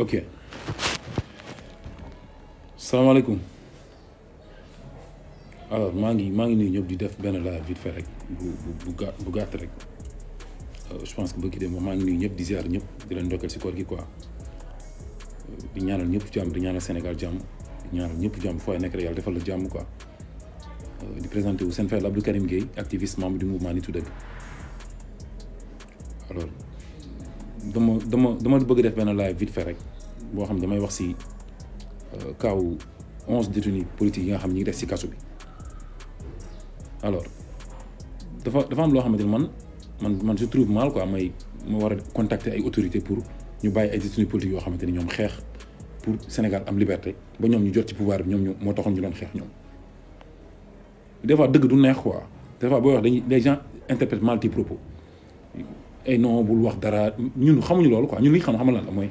ok Salam alaikum. alors Je suis vite fait bu je pense que beaucoup de moments que di ziar di la quoi euh, di ñaanal di ñaanal Sénégal ñaanal defal la quoi euh, di Abdou Karim activiste membre du mouvement alors Je dama dama bëgg def live vite fait bo xam ne damay wax si euh, kaw 11 détenus politiques yi nga xam ne ngi def ci kaso bi alors dafa dafa am loo xamante ne man man man je trouve mal quoi may ma war a contacter ay autorités pour ñu bàyyi ay détenus politiques yoo xamante ni ñoom xeex pour Sénégal am liberté ba ñoom ñu jot ci pouvoir bi ñoom ñu moo taxoon ñu doon xeex ñoom des fois dëgg du neex quoi des fois booy wax dañuy les gens interprètent mal tes propos ay non bul wax dara ñun xamuñu loolu quoi ñun li ñu xam xamal lan la mooy.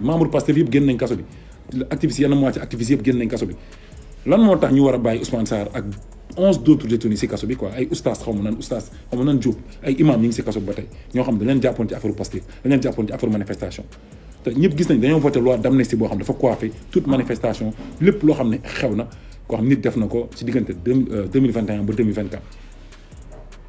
membre Pastef yëpp génn nañ kaso bi activiste yenn moitié activiste yëpp génn kaso bi lan moo tax ñu war a bàyyi Ousmane Sarr ak onze d'autres détenus si kaso bi quoi ay oustaz xaw ma nan oustaz xaw ma nan Diop ay imam ñi ngi si kaso bi ba tey ñoo xam dañ leen jàppoon ci affaire Pastef leen jàppoon ci affaire manifestation te ñëpp gis nañ dañoo voté loi d'amnistie boo xam dafa coiffé toute manifestation lépp loo xam ne xew na koo xam nit def na ko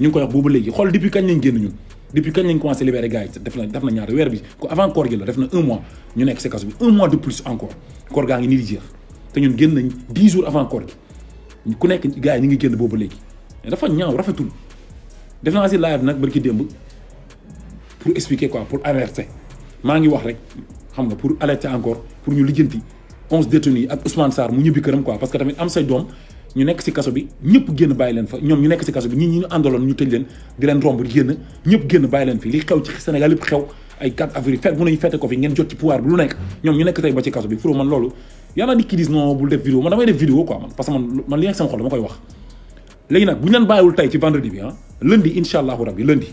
ñu ngi koy wax boobu léegi xool depuis kañ lañ génn ñun depuis kañ lañ commencé libéré gars yi def na def na ñaari weer bi avant koor gi la def na un mois ñu nekk si kaso bi un mois de plus encore koor gaa ngi nii di jeex te ñun génn nañ dix jours avant koor gi ku nekk gars yi ñu ngi génn boobu léegi dafa ñaaw rafetul def naa si live nag barki démb pour expliquer quoi pour alerter maa ngi wax rek xam nga pour alerter encore pour ñu lijjanti onze détenus ak Ousmane Sarr mu ñibbi këram quoi parce que tamit am say doom ñu nekk si kaso bi ñëpp génn bàyyi leen fa ñoom ñu nekk si kaso bi ñi ñu àndaloon ñu tëj leen di leen romb génn ñëpp génn bàyyi leen fi li xew ci Sénégal yëpp xew ay 4 avril fekk mun nañu fete ko fi ngeen jot ci pouvoir bi lu nekk ñoom ñu nekk tey ba ci kaso bi furo man loolu yàlla di kii dis non bul def vidéo man damay def vidéo quoi man parce que man man li nekk sama xol dama koy wax léegi nag bu ñu leen bàyyiwul tey ci vendredi bi ah lundi incha allahu rabbi lundi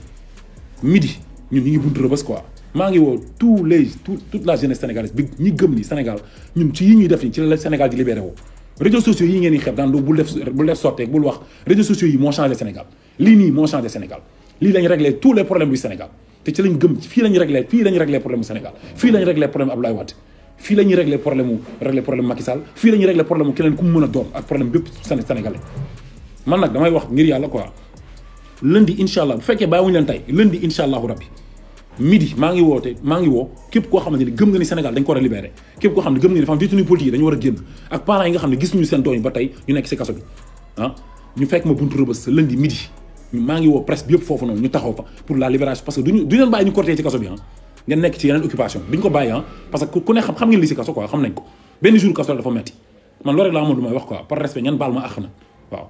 midi ñun ñu ngi buntu rëbës quoi maa ngi woo tous les toute la jeunesse sénégalaise bi ñi gëm ni Sénégal ñun ci yi ñuy def ni ci la Sénégal di libéré woo réseaux sociaux yi ngeen lu réseaux sociaux yi changé Sénégal lii ni mo changé Sénégal li lañ réglé tous les problèmes du Sénégal te ci lañ gëm Fi lañ réglé fi lañ régler problème Sénégal fi lañ régler problème Abdoulaye wat fi régler problème régler problème Macky Sall problème keneen ku problème sénégalais man nak damay wax ngir yalla quoi lundi lundi inshallah rabbi midi maa ngi woote maa ngi woo képp koo xamante ni gëm nga ni Sénégal dañ ko war a libéré képp koo xam ne gëm nga ni dafa am ne ñu seen doom yi ba tey ñu nekk si kaso bi ah ñu dafa metti man loolu rek laa amoon lu may wax quoi par respect ngeen baal ma àq na waaw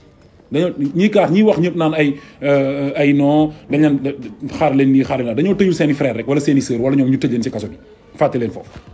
dañoo ñii kaas ñii wax ñëpp naan ay euh, ay non dañ leen xaar leen nii xaar leen dañoo tëjul seen i rek wala seen i sœur wala ñoom ñu tëj leen ci kaso bi fàtte leen foofu